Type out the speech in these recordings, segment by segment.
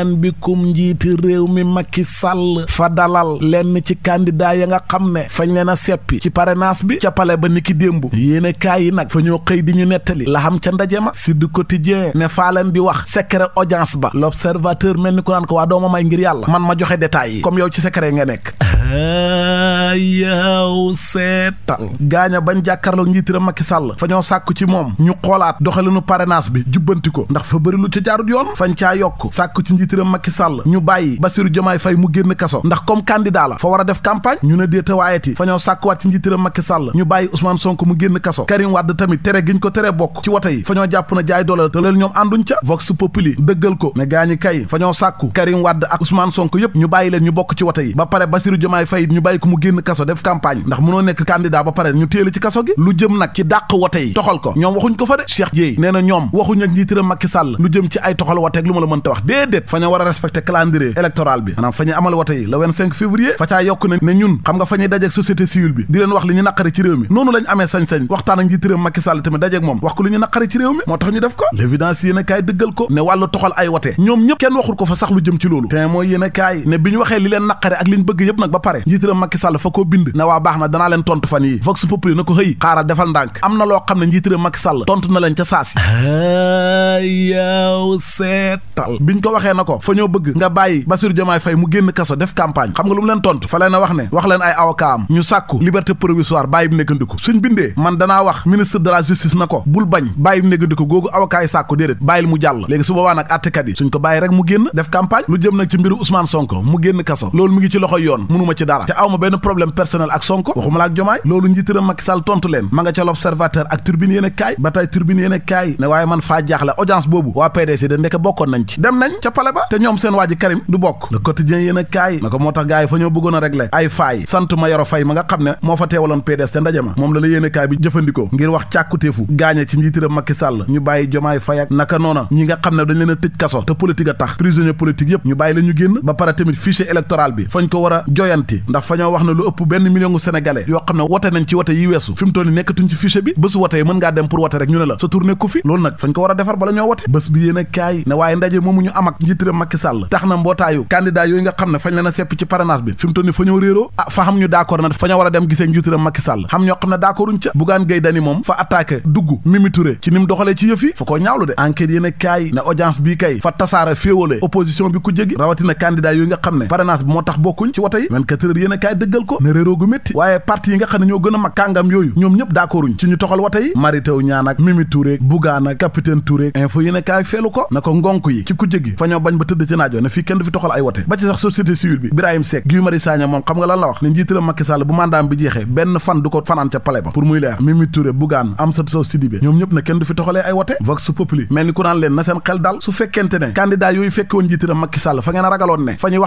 ñaan bi kum njiiti réew mi Macky Sall fa dalal lenn ci kandidaa ya nga xam ne fañ leen a seppi ci parrainage bi ca pale ba niki démb yéene kaay yi nag fa ñoo xëy di ñu nettali la xam ca ndaje ma Sud Quotidien ne faa leen di wax secret audience ba l'observateur mel ni ko naan ko waa dooma may ngir yàlla man ma joxe détails yi comme yow ci secret nga nekk ko seetaan gaaña bañ jàkkaarloog njiitiram Macky Sall fa ñoo sàkku ci moom ñu xoolaat doxalinu parrainage bi jubbanti ko ndax fa bëri lu ca jaarut yoon fañ caa yokk sàkku ci njiitiram Macky sàll ñu bàyyi Bassirou Diomaye Faye mu génn kaso ndax comme candidat la fa war a def campagne ñu ne déeta waayeti fa ñoo sàkkuwaat ci njiitiram Macky Sall ñu bàyyi Ousmane Sonko mu génn kaso Karim Wade tamit tere giñ ko tere bokk ci wote yi fa ñoo jàpp na jaay doolal te loolu ñoom ànduñ ca Vox Populi dëggal ko ne gaañi kay fa ñoo sàkku ñu bàyyi leen ñu bokk ci wote yi ba pare Bassirou Diomaye Faye ñu ko mu génn kaso def campagne ndax mënoo nekk candidat ba pare ñu téeli ci kaso gi lu jëm nag ci dàq wote yi toxal ko ñoom waxuñ ko fa de Cheikh Dieye nee na ñoom waxuñ ak njiitiram Macky Sall lu jëm ci ay toxal woteeg lu ma la mën ta wax déedéet fa ñu war a respecté calendrier électoral bi maanaam fa ñuy amal wote yi le 25 fa caa yokk na ne ñun xam nga fa ñuy dajeeg société bi di leen wax li ñu naqari ci réew mi noonu lañ amee sañ-sañ waxtaan ak njiitiram Macky moo tax ñu def ko l'évidence yéen a kaay dëggal ko ne wàllu toxal ay wote kenn waxul ko fa sax lu jëm ci loolu te mooy yéen a leen naqari ak liñ bëgg yëpp ba pare njiitiram Macky Sall fa koo bind na waa baax danaa leen tontu fan yi vox populi na ko xëy xaaral defal ndànk am na loo xam ne njiitëra Macky Sall tontu na leen ca saasi yaaw seetal biñ ko waxee na ko fa ñoo bëgg nga bàyyi Bassirou Diomaye Faye mu génn kaso def campagne xam nga lu mu leen tontu fa leen wax ne wax leen ay avocat am ñu sàkku liberté provisoire bàyyi bi nekkandiku suñ bindee man danaa wax ministre de la justice na ko bul bañ bàyyi bi nekkandiku googu avocat yi sàkku déedéet mu jàll léegi su boobaa nag àttekat yi suñ ko bàyyi rek mu génn def campagne lu jëm nag ci mbiru Ousmane Sonko mu kaso loolu mu ngi ci loxoy yoon mënuma ci dara te awma benn problème personnel ak Sonko waxuma la ak jomaay loolu njiitëram Macky tontu leen ma ca l'observateur ak turbine yéen a kaay ba tey turbine a kaay ne waaye man faa jaaxle audience boobu waa PDS de ndeke bokkoon nañ ci dem nañ ca pale ba te ñoom seen waa Karim du bokk le quotidien yéen a kaay na ko moo tax gars fa ñoo bëggoon a régler ay faay sant ma yoro ma nga xam ne moo fa teewaloon PDS te ndaje ma moom la la yéen a kaay bi jëfandikoo ngir wax càkkutéefu gaañe ci njiitëram Macky a tëj kaso te politique a tax prisonnier politique yëpp ñu bàyyi la ñu a joyanti wax ne lu ëpp benn sénégalais yoo xam ne wote nañ ci wote yi weesu fi mu toll ci fichier bi bésu wote yi mën ngaa dem pour wote rek ñu ne la sa tour nekku fi loolu nag fañ ko war a defar bala ñoo wote bés bi yéen a ne waaye ndaje moomu ñu am ak njiit réew tax na mbootaayu candidat yooyu nga xam ne fañ leen a sepp ci parrainage bi fi mu fa ñoo réeroo ah fa xam ñu d'accord na fa ñoo war a dem gisee njiit réew Macky xam ñoo xam ne d'accorduñ ca Bougane Gueye Dany waaye parti yi nga xam ñoo gën a mag yooyu ñoom ñëpp d'accorduñ ci ñu toxal wate yi Mary Teuw Mimi Touré Bougane ak capitaine Touré yi ne kaay feelu ko na ko ngonk yi ci kujje gi fa ñoo bañ ba tëdd ci naajoo ne fii kenn du fi toxal ay wate ba ci sax société civile bi Birahim Seck Guy Marius Sagna moom xam nga lan la wax ne njiitalam Macky Sall bu mandaam bi jeexee benn fan du ko fanaan ca palais ba pour muy leer Mimi Touré Bougane Amsatou Sow Sidibé ne kenn du fi toxalee ay wate vox populi mel ni ku naan leen na seen xel dal su fekkente ne candidat a ragaloon ne fa ñuy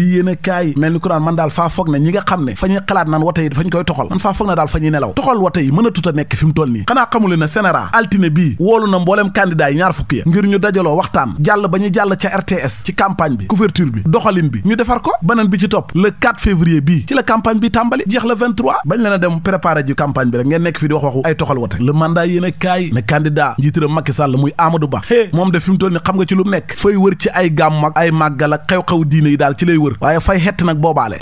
lii a mel ni ku naan man daal faa foog ne ñi nga xam ne fa ñuy xalaat naan wote yi fañ koy toxal man faa foog ne daal fa ñuy nelaw toxal wote yi nekk fi toll nii xam nga ci lu nekk fay wër ci ay gàmm ak ay màggal xew-xew diine yi daal ci lay wër waaye fay xett nag boobaale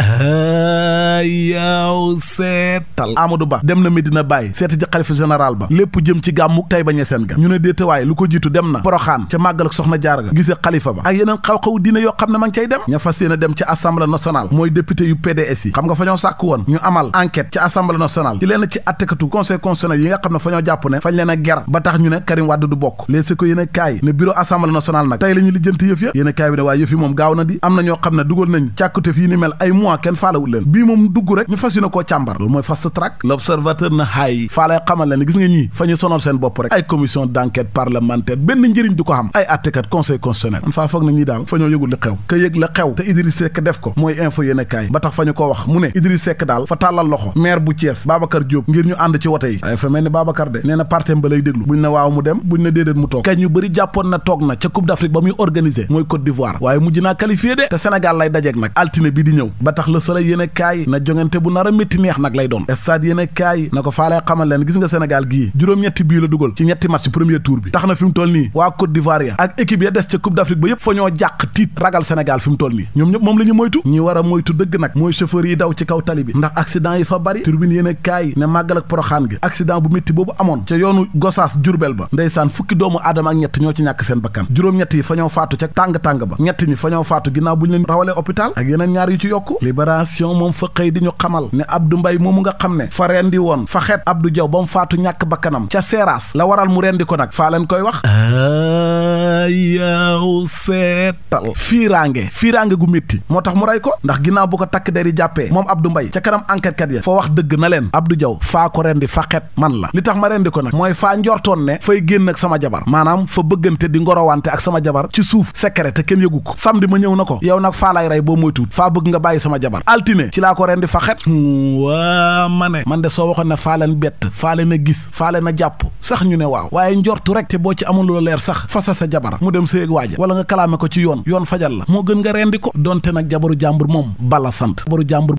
yaaw seetal Amadou Ba dem na Medina Baye seeti ji xalifa général ba lépp jëm ci gàmmu tey ba ñeseen ga ñu ne déetawaay lu ko jiitu dem na poroxaan ca màggalak soxna jaar ga gisee xalifa ba ak yeneen xaw diine yoo xam ne ma cay dem ña fas dem ci assemblée nationale mooy député yu PDS yi xam nga fa sàkk woon ñu amal enquête ci assemblée nationale ci leen ci attekatu conseil constitutionnel yi nga xam ne fa ñoo a ger ba tax a kaay ne bureau assemblée ne waaye yëf nañ càkkutef yi ni mel ay mois kenn faalawul leen bii moom dugg rek ñu fas yéene koo càmbar loolu mooy fast track l'observateur na xaay faalay xamal leen gis nga ñi fa ñu sonal seen bopp rek ay commission d'enquête parlementaire benn njëriñ du ko xam ay attekat conseil constitutionnel man faa foog na ñi daal fa ñoo yëgul li xew yëg la te Idriss Seck def ko mooy info yéene ba tax fa ñu ko wax mu ne Idriss Seck daal fa tàllal loxo maire bu Thiès Babacar dajeeg nag altine bi di ñëw ba tax le soleil yéen a na jongante bu nar a métti neex nag lay doon stade yéen a na ko faalee xamal leen gis nga Sénégal gii juróom-ñetti bii la dugal ci ñetti match premier tour bi tax na fi mu nii waa Côte d'Ivoire ya ak équipe ya des ca Coupe d'Afrique ba yëpp fa jàq tiit ragal Sénégal fi mu nii ñoom ñëpp moom la moytu ñi war a moytu dëgg nag mooy chauffeur yi daw ci kaw tali bi ndax accident yi fa bari turbine hôpital ak yeneen ñaar yu ci yokk libération moom fa xëy di ñu xamal ne Abdou Mbaye moomu nga xam ne fa rendi woon fa xet Abdou jaw ba mu faatu ñàkk bakkanam ca Seeraas la waral mu rendi ko nag faa leen koy wax yaw seetal fiiraange fiiraange gu métti moo tax mu rey ko ndax ginnaaw bu ko takk der yi jàppee moom Abdou mbay ca kanam enquête kat ya fa wax dëgg na leen Abdou jaw faa ko rendi fa xet man la li tax ma rendi ko nag mooy faa njortoon ne fay sama jabar maanaam fa bëggante di ngorowante ak sama jabar ci suuf secret kenn yëgu ko samedi ma na ko boo moytuwut faa bëgg nga bàyyi sama jabar altine ci laa ko ren di fa xet waa ma ne man de soo waxoon ne faaleen bett faa leen gis faa a jàpp sax ñu ne waaw waaye njortu rek te boo ci amul lu leer sax fasa sa jabar mu dem sa sëyeg waaja wala nga kalaame ko ci yoon yoon fajal la moo gën nga rendi ko donte nag jabaru jàmbur moom bala sant jabaru jàmbur